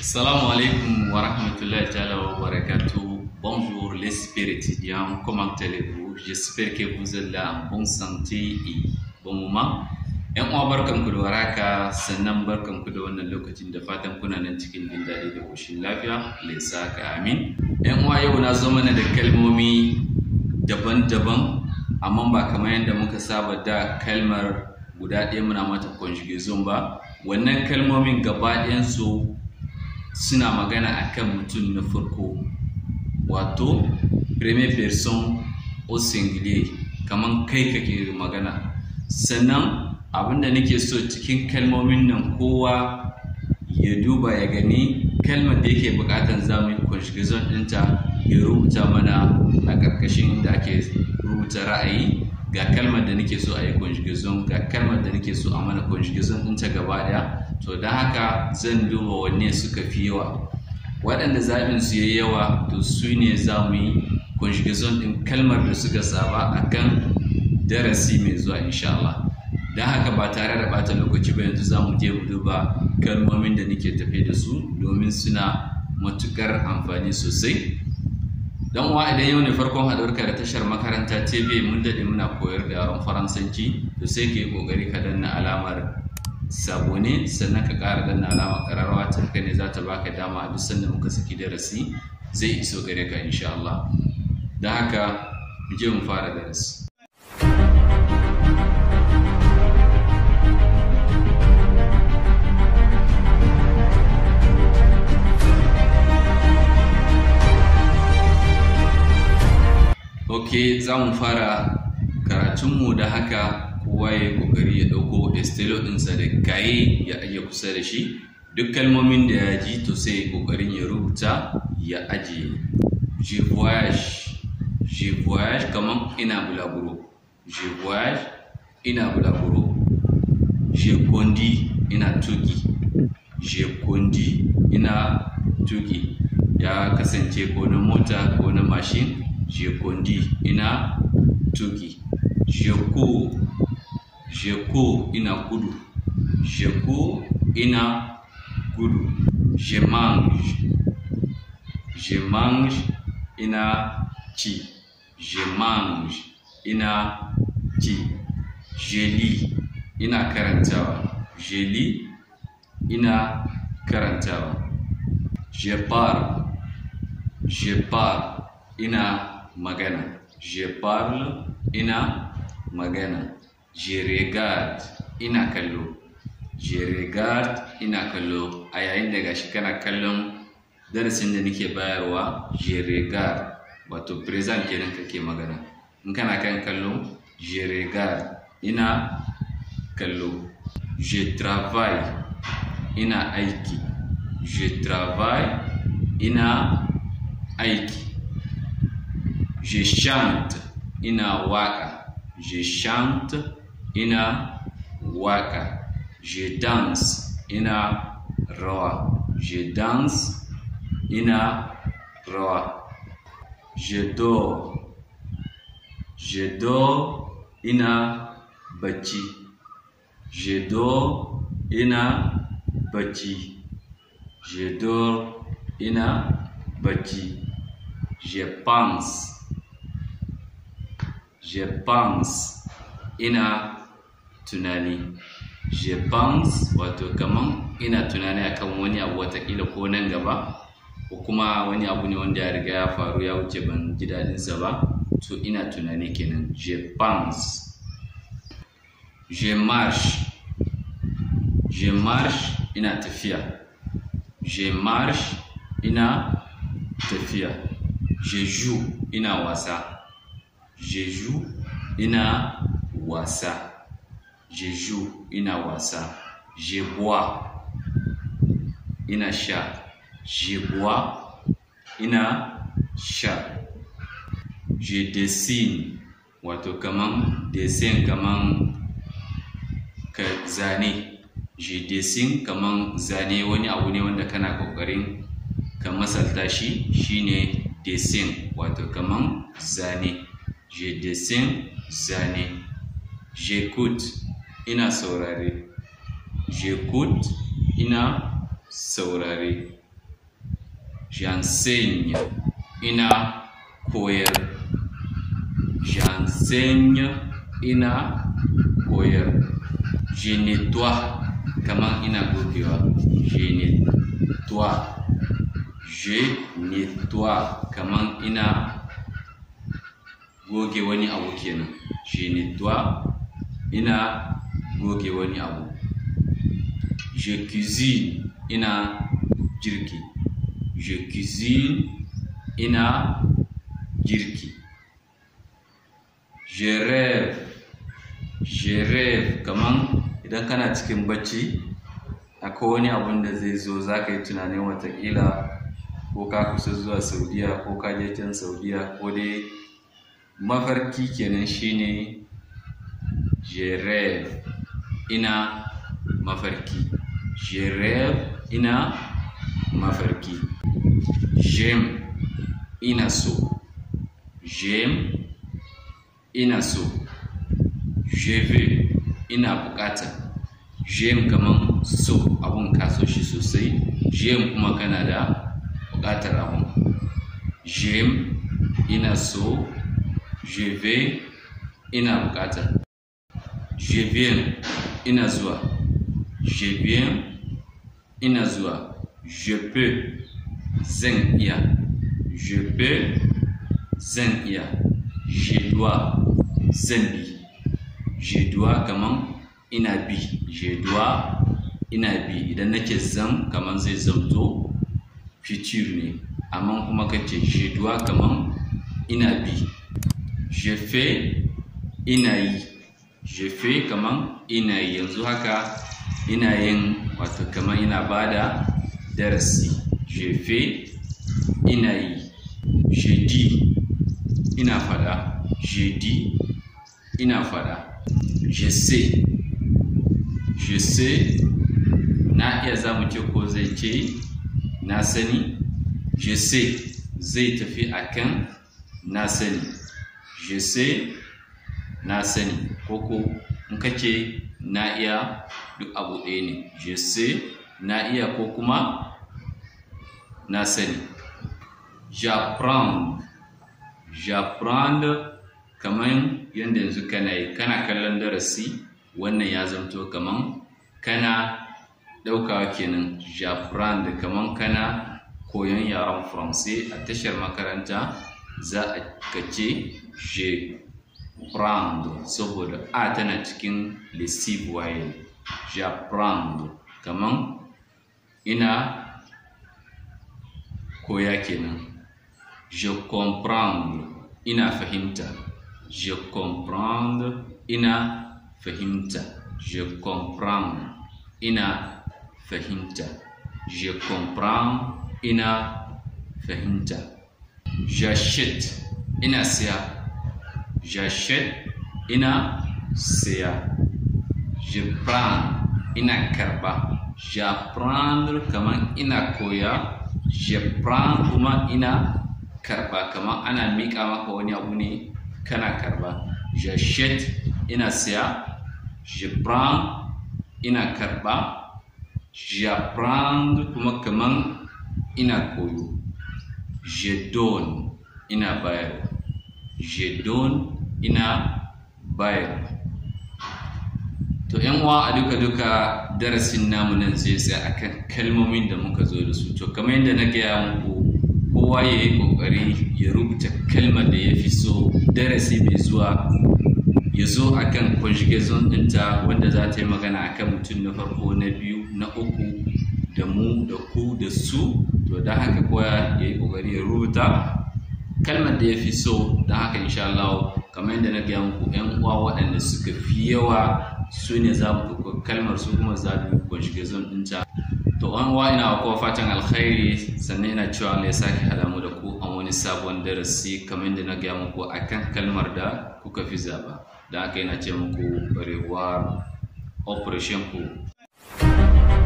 Assalamu alaikum wa rahmatullahi wa barakatuh. Bonjour les spirits étudiants, comment allez-vous? J'espère que vous êtes là en bonne santé et bon moment. ‘Yan uwa barkan ku da waraka sannan barkan ku da wannan lokacin da fatan kuna nan cikin jin daɗi da ƙoshin lafiya, laisa ka amin. ‘Yan uwa yau na zo mana da kalmomi daban-daban amma ba kamar yadda muka saba da kalmar guda ɗaya muna mata conjugation ba. Wannan kalmomin gaba ɗayan su suna magana a kan mutum na farko wato premier person au singulier kamar kai kake magana sannan abinda nake so cikin kalmomin nan kowa ya duba ya gani kalmar da yake bukatar zamu yi conjugation ɗinta ya rubuta mana a ƙarƙashin da ake rubuta ra'ayi ga kalmar da nake so a yi conjugation ga kalmar da nake so a mana conjugation din ta gaba daya to da haka zan duba wanne suka fi yawa waɗanda zaɓin su yayi yawa to su ne za mu yi conjugation din kalmar da suka saba akan darasi mai zuwa insha Allah don haka ba tare da bata lokaci ba yanzu za mu je mu duba kalmomin da nake tafe da su domin suna matukar amfani sosai don wa idan yau ne farkon haɗuwarka da tashar makaranta tv mun daɗe muna koyar da yaron faransanci to sai ka yi ƙoƙari ka danna alamar sabone sannan ka ƙara danna alamar ƙararrawa ta ne za ta baka dama a duk sanda muka saki darasi zai iso gare ka insha Allah don haka mu je mu fara darasi ok za mu fara karatunmu da haka kowa ya kokari ya dauko estelo ɗinsa da kaye ya ajiye kusa da shi duk kalmomin da ya ji to sai kokarin ya rubuta ya ajiye je voyage je voyage kamar ina bulaguro je voyage ina bulaguro je kondi ina tuki je kondi ina tuki ya kasance ko na mota ko na mashin je kondi ina tuki je ko je ko ina kudu je ko ina kudu je mange je mange ina ci je mange ina ci je li ina karantawa je li ina karantawa je parle je parle ina magana. Je parle, ina magana. Je regarde, ina kallo. Je regarde, ina kallo. A yayin da gashi kana kallon darasin da nake bayarwa, je regarde, wato present kenan kake magana. In kana kan kallo, je regarde, ina kallo. Je travaille, ina aiki. Je travaille, ina aiki. Je chante ina waka. Je chante ina waka. Je danse ina roa. Je danse ina roa. Je dors. Je dors ina bachi. Je dors ina bachi. Je dors ina bachi. Je pense Je pense ina tunani. Je pense wato kaman ina tunani akan wani abu watakila ko nan gaba ko kuma wani abu ne wanda ya riga ya faru ya wuce ban ji daɗinsa ba to ina tunani kenan je pense je marche je marche ina tafiya je marche ina tafiya je joue ina wasa jeju ina wasa joue, ina wasa bois, ina sha bois, ina sha je dessine, wato kaman desin kaman ka zane je desin kaman zane wani abu ne wanda kana kokarin ka masalta shi shine desin wato kaman zane je dessine zane j'écoute ina saurare j'écoute ina Sorari. j'enseigne ina koyar j'enseigne ina koyar je nettoie comment ina gogewa je nettoie je nettoie comment ina goge wani abu kenan shi ne duwa ina goge wani abu je cuisine ina girki je cuisine ina jirki je rêve je rêve kaman idan kana cikin bacci akwai wani abun da zai zo za ka yi tunanin watakila ko ka kusa zuwa saudiya ko ka je can saudiya ko dai mafarki kenan shine ne, rêve ina mafarki jerev ina mafarki Jem ina so Jem ina so je ina bukata Jem kaman so abun kaso shi sosai Jem kuma kana da bukatar abun jem ina so je ina bukata je viens ina zuwa je viens ina zuwa je peux zan iya je peux zan iya je dois zan bi je dois kaman ina bi je dois ina bi idan nake zan kaman zai zamto future ne amma kuma kace je dois kaman ina bi je fais ina yi je fais kaman ina yi yanzu haka ina yin wato kaman ina bada darasi je fais ina yi je di ina fada je di ina fada je sais je sais na iya za mu ce ko zai ce na sani je sais zai tafi akan na sani je sais na sani koko in ka ce na iya duk abu ɗaya ne je sais na iya ko kuma na sani j'apprends j'apprends kaman yanda yanzu kana yi kana kallon darasi wannan ya zamto kaman kana ɗaukawa kenan j'apprends kaman kana koyon yaren faransai a tashar makaranta za a kace je prando saboda a tana cikin lesib waye ja prando kaman ina koya kenan je comprendre ina fahimta je comprendre ina fahimta je comprends ina fahimta je comprends ina fahimta jashit ina siya jashit ina siya jibran ina karba j'apprendre kaman ina koya j'apprends kuma ina karba kaman ana miƙa maka wani abu ne kana karba j'achète ina siya je prends ina karba j'apprends kuma kaman ina koyo je ina bayarwa je ina bayarwa to yan uwa a duka duka darasin namu nan zai sai akan kalmomin da muka zo da su to kamar yadda na gaya muku kowa ya yi kokari ya rubuta kalmar da ya fi so darasi mai zuwa ya zo a kan conjugation ɗinta wanda za ta yi magana a kan mutum na farko na biyu na uku da mu da ku da su to don haka koya ya yi ƙoƙari ya rubuta kalmar da ya fi so da haka insha Allah kamar yadda na gaya muku yan uwa waɗanda suka fi yawa su ne za mu ɗauko kalmar su kuma za mu kunshige zan ɗinta to an wa ina kowa fatan alkhairi sannan ina cewa Allah ya sake haɗa mu da ku an wani sabon darasi kamar yadda na gaya muku akan kalmar da kuka fi zaba da haka ina ce muku rewar operation ku